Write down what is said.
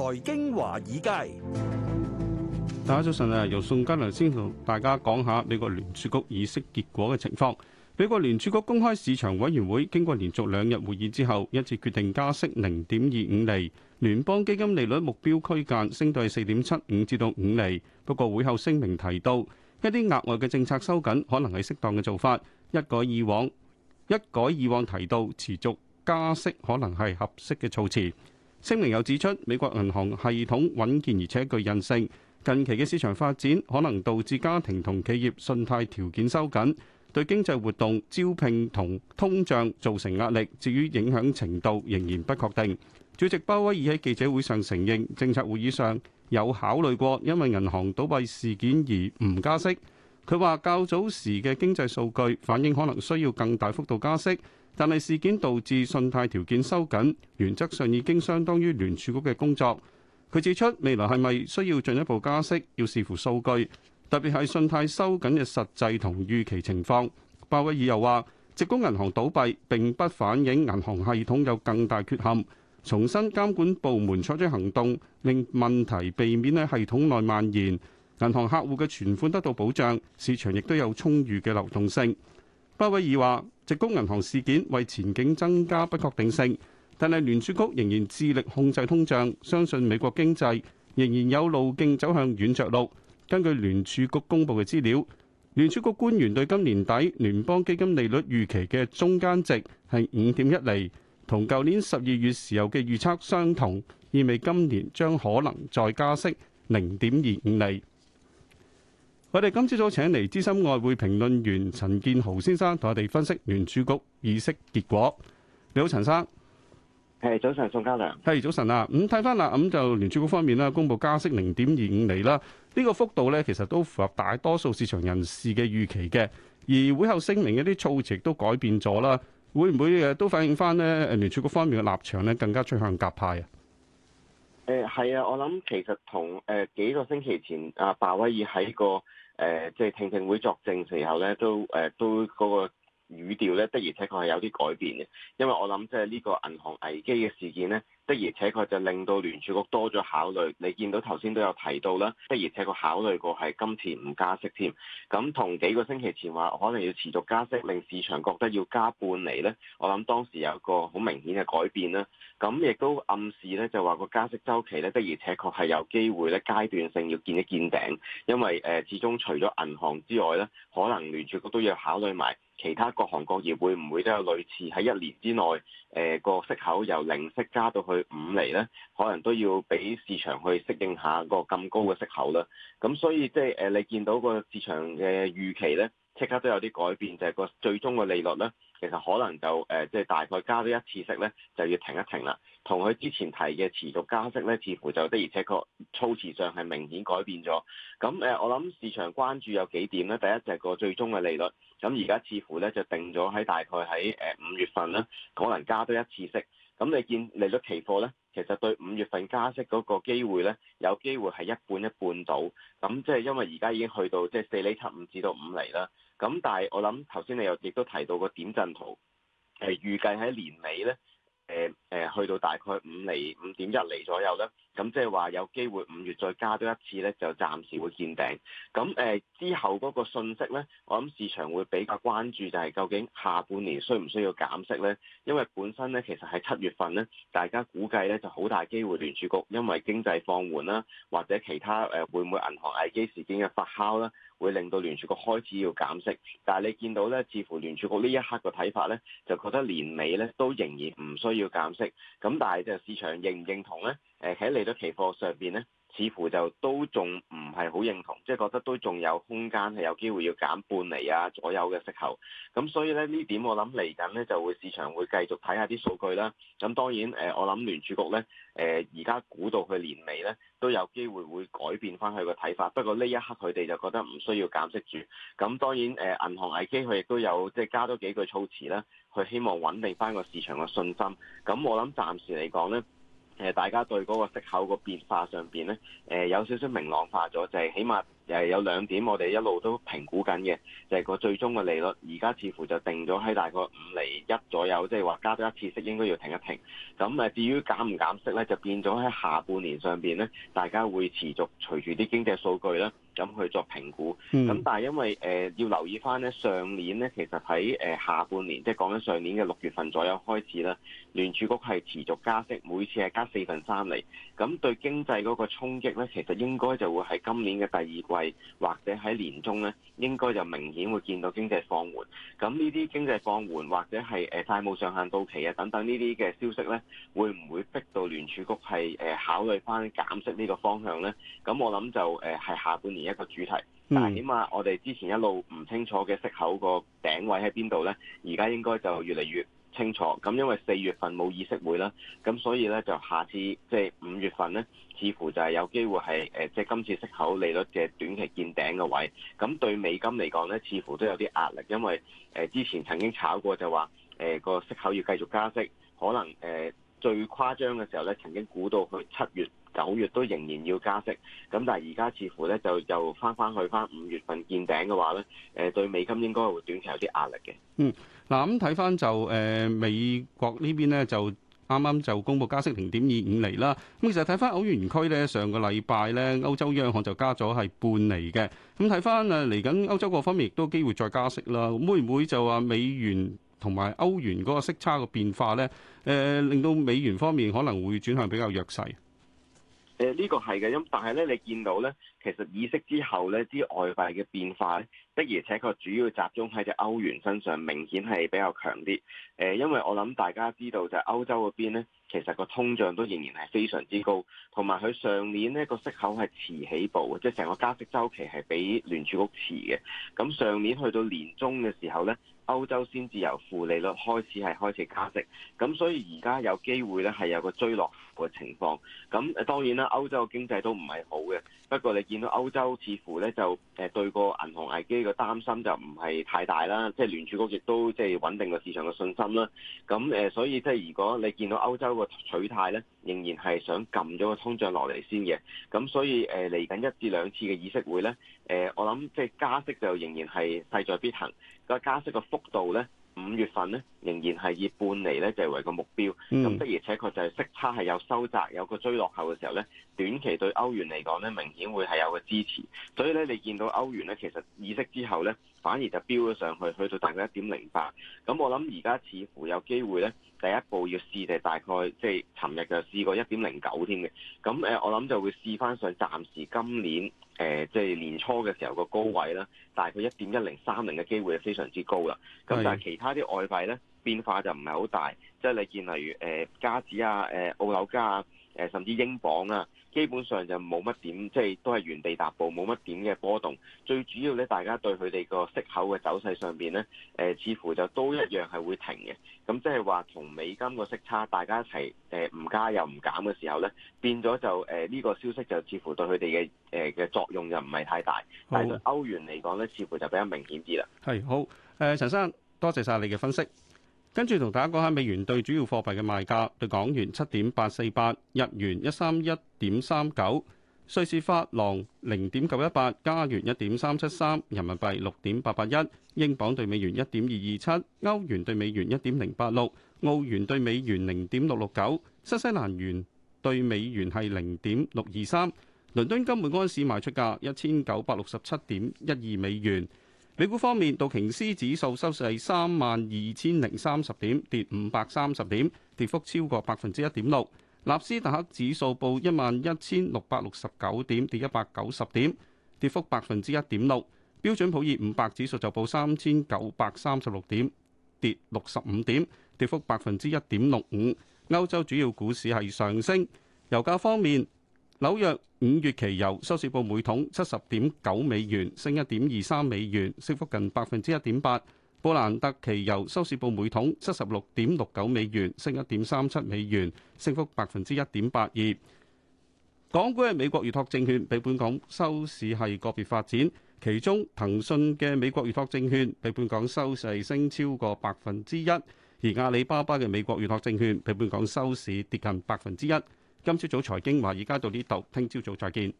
財經華爾街，大家早晨啊！由宋嘉良先同大家講下美國聯儲局議息結果嘅情況。美國聯儲局公開市場委員會經過連續兩日會議之後，一致決定加息零點二五厘，聯邦基金利率目標區間升到四點七五至到五厘。不過會後聲明提到，一啲額外嘅政策收緊可能係適當嘅做法，一改以往，一改以往提到持續加息可能係合適嘅措辭。聲明又指出，美國銀行系統穩健而且具韌性，近期嘅市場發展可能導致家庭同企業信貸條件收緊，對經濟活動、招聘同通脹造成壓力。至於影響程度，仍然不確定。主席鮑威爾喺記者會上承認，政策會議上有考慮過，因為銀行倒閉事件而唔加息。佢話：較早時嘅經濟數據反映可能需要更大幅度加息，但係事件導致信貸條件收緊，原則上已經相當於聯儲局嘅工作。佢指出未來係咪需要進一步加息，要視乎數據，特別係信貸收緊嘅實際同預期情況。鮑威爾又話，矽谷銀行倒閉並不反映銀行系統有更大缺陷，重申監管部門採取行動，令問題避免喺系統內蔓延。銀行客戶嘅存款得到保障，市場亦都有充裕嘅流動性。鮑威爾話，矽谷銀行事件為前景增加不確定性，但係聯儲局仍然致力控制通脹，相信美國經濟仍然有路徑走向軟著陸。根據聯儲局公布嘅資料，聯儲局官員對今年底聯邦基金利率預期嘅中間值係五點一釐，同舊年十二月時候嘅預測相同，意味今年將可能再加息零點二五釐。我哋今朝早請嚟資深外匯評論員陳建豪先生同我哋分析聯儲局議息結果。你好，陳生。係早,早晨，宋嘉良。係早晨啊，咁睇翻啦，咁就聯儲局方面呢公布加息零點二五厘啦，呢、這個幅度呢，其實都符合大多數市場人士嘅預期嘅。而會後聲明一啲措辭都改變咗啦，會唔會誒都反映翻呢？誒，聯儲局方面嘅立場呢，更加趨向鴿派啊？誒、欸，係啊，我諗其實同誒、呃、幾個星期前阿鮑、啊、威爾喺個。誒，即係聽證會作證時候咧，都誒、呃，都嗰、那個。語調咧，的而且確係有啲改變嘅，因為我諗即係呢個銀行危機嘅事件呢的而且確就令到聯儲局多咗考慮。你見到頭先都有提到啦，的而且確考慮過係今次唔加息添。咁同幾個星期前話可能要持續加息，令市場覺得要加半釐呢。我諗當時有個好明顯嘅改變啦。咁亦都暗示呢就話個加息周期呢的而且確係有機會呢階段性要見一見頂，因為誒，始終除咗銀行之外呢，可能聯儲局都要考慮埋。其他各行各業會唔會都有類似喺一年之內，誒個息口由零息加到去五厘呢？可能都要俾市場去適應下個咁高嘅息口啦。咁所以即係誒，你見到個市場嘅預期呢，即刻都有啲改變，就係個最終嘅利率呢，其實可能就誒，即係大概加咗一次息呢，就要停一停啦。同佢之前提嘅持續加息呢，似乎就的而且確措辭上係明顯改變咗。咁誒，我諗市場關注有幾點呢？第一就係個最終嘅利率。咁而家似乎咧就定咗喺大概喺誒五月份啦，可能加多一次息。咁你見利率期貨咧，其實對五月份加息嗰個機會咧，有機會係一半一半到。咁即係因為而家已經去到即係四厘七五至到五厘啦。咁但係我諗頭先你又亦都提到個點陣圖，誒預計喺年尾咧，誒誒去到大概五厘、五點一厘左右咧。咁即係話有機會五月再加多一次咧，就暫時會見頂。咁誒、呃、之後嗰個信息呢，我諗市場會比較關注就係究竟下半年需唔需要減息呢？因為本身呢，其實喺七月份呢，大家估計呢就好大機會聯儲局因為經濟放緩啦、啊，或者其他誒會唔會銀行危機事件嘅發酵啦、啊，會令到聯儲局開始要減息。但係你見到呢，似乎聯儲局呢一刻嘅睇法呢，就覺得年尾呢都仍然唔需要減息。咁但係就市場認唔認同呢？誒喺嚟到期貨上邊咧，似乎就都仲唔係好認同，即係覺得都仲有空間係有機會要減半厘啊左右嘅息口。咁所以咧呢點我諗嚟緊咧就會市場會繼續睇下啲數據啦。咁當然誒，我諗聯儲局咧誒而家估到佢年尾咧都有機會會改變翻佢個睇法。不過呢一刻佢哋就覺得唔需要減息住。咁當然誒、呃、銀行危機佢亦都有即係加多幾句措辭啦，佢希望穩定翻個市場嘅信心。咁我諗暫時嚟講咧。誒，大家對嗰個息口個變化上邊咧，誒、呃、有少少明朗化咗，就係、是、起碼誒有兩點我哋一路都評估緊嘅，就係、是、個最終嘅利率，而家似乎就定咗喺大概五厘一左右，即係話加多一次息應該要停一停。咁誒，至於減唔減息咧，就變咗喺下半年上邊咧，大家會持續隨住啲經濟數據咧。咁去作評估，咁、嗯、但係因為誒、呃、要留意翻咧，上年咧其實喺誒、呃、下半年，即係講緊上年嘅六月份左右開始啦，聯儲局係持續加息，每次係加四分三厘。咁對經濟嗰個衝擊咧，其實應該就會係今年嘅第二季或者喺年中咧，應該就明顯會見到經濟放緩。咁呢啲經濟放緩或者係誒債務上限到期啊等等呢啲嘅消息咧，會唔會逼到聯儲局係誒、呃、考慮翻減息呢個方向咧？咁我諗就誒、是、係、呃、下半年。一個主題，但係起碼我哋之前一路唔清楚嘅息口個頂位喺邊度呢？而家應該就越嚟越清楚。咁因為四月份冇議息會啦，咁所以呢，就下次即係五月份呢，似乎就係有機會係誒，即係今次息口利率嘅短期見頂嘅位。咁對美金嚟講呢，似乎都有啲壓力，因為誒之前曾經炒過就話誒個息口要繼續加息，可能誒最誇張嘅時候呢，曾經估到去七月。九月都仍然要加息，咁但係而家似乎咧就又翻翻去翻五月份見頂嘅話咧，誒對美金應該會短期有啲壓力嘅。嗯，嗱咁睇翻就誒、呃、美國呢邊呢，就啱啱就公布加息零點二五厘啦。咁其實睇翻歐元區咧，上個禮拜咧歐洲央行就加咗係半厘嘅。咁睇翻誒嚟緊歐洲各方面亦都機會再加息啦。會唔會就話美元同埋歐元嗰個息差嘅變化咧？誒、呃、令到美元方面可能會轉向比較弱勢。誒呢個係嘅，因但係呢，你見到呢，其實議息之後呢啲外幣嘅變化呢，的而且確主要集中喺隻歐元身上，明顯係比較強啲。誒，因為我諗大家知道就係歐洲嗰邊咧，其實個通脹都仍然係非常之高，同埋佢上年呢個息口係遲起步，即係成個加息周期係比聯儲局遲嘅。咁上年去到年中嘅時候呢。歐洲先至由負利率開始係開始加息，咁所以而家有機會咧係有個追落嘅情況。咁當然啦，歐洲嘅經濟都唔係好嘅，不過你見到歐洲似乎咧就誒對個銀行危機嘅擔心就唔係太大啦，即係聯儲局亦都即係穩定個市場嘅信心啦。咁誒，所以即係如果你見到歐洲個取態咧。仍然係想撳咗個通脹落嚟先嘅，咁所以誒嚟緊一至兩次嘅議息會咧，誒、呃、我諗即係加息就仍然係勢在必行，個加息個幅度咧。五月份咧仍然係以半厘咧作為個目標，咁的而且確就係息差係有收窄，有個追落後嘅時候咧，短期對歐元嚟講咧明顯會係有個支持，所以咧你見到歐元咧其實意識之後咧反而就飆咗上去，去到大概一點零八，咁我諗而家似乎有機會咧，第一步要試就係大概即係尋日就試過一點零九添嘅，咁誒我諗就會試翻上暫時今年。誒、呃，即係年初嘅時候個高位啦，大概一點一零三零嘅機會係非常之高啦。咁是但係其他啲外幣咧變化就唔係好大，即係你見例如誒、呃、加紙啊、誒、呃、澳紐加啊、誒、呃、甚至英鎊啊。基本上就冇乜點，即係都係原地踏步，冇乜點嘅波動。最主要咧，大家對佢哋個息口嘅走勢上邊咧，誒，似乎就都一樣係會停嘅。咁即係話同美金個息差，大家一齊誒唔加又唔減嘅時候咧，變咗就誒呢個消息就似乎對佢哋嘅誒嘅作用就唔係太大。但係對歐元嚟講咧，似乎就比較明顯啲啦。係好誒，陳生，多謝晒你嘅分析。跟住同大家講下美元對主要貨幣嘅賣價，對港元七點八四八，日元一三一點三九，瑞士法郎零點九一八，加元一點三七三，人民幣六點八八一，英鎊對美元一點二二七，歐元對美元一點零八六，澳元對美元零點六六九，新西蘭元對美元係零點六二三，倫敦金每安士賣出價一千九百六十七點一二美元。美股方面，道瓊斯指數收市係三萬二千零三十點，跌五百三十點，跌幅超過百分之一點六。納斯達克指數報一萬一千六百六十九點，跌一百九十點，跌幅百分之一點六。標準普爾五百指數就報三千九百三十六點，跌六十五點，跌幅百分之一點六五。歐洲主要股市係上升。油價方面，紐約五月期油收市報每桶七十點九美元，升一點二三美元，升幅近百分之一點八。布蘭特期油收市報每桶七十六點六九美元，升一點三七美元，升幅百分之一點八二。港股嘅美國預託證券比本港收市係個別發展，其中騰訊嘅美國預託證券比本港收市升超過百分之一，而阿里巴巴嘅美國預託證券比本港收市跌近百分之一。今朝早財經華爾街，而家到呢度，聽朝早再見。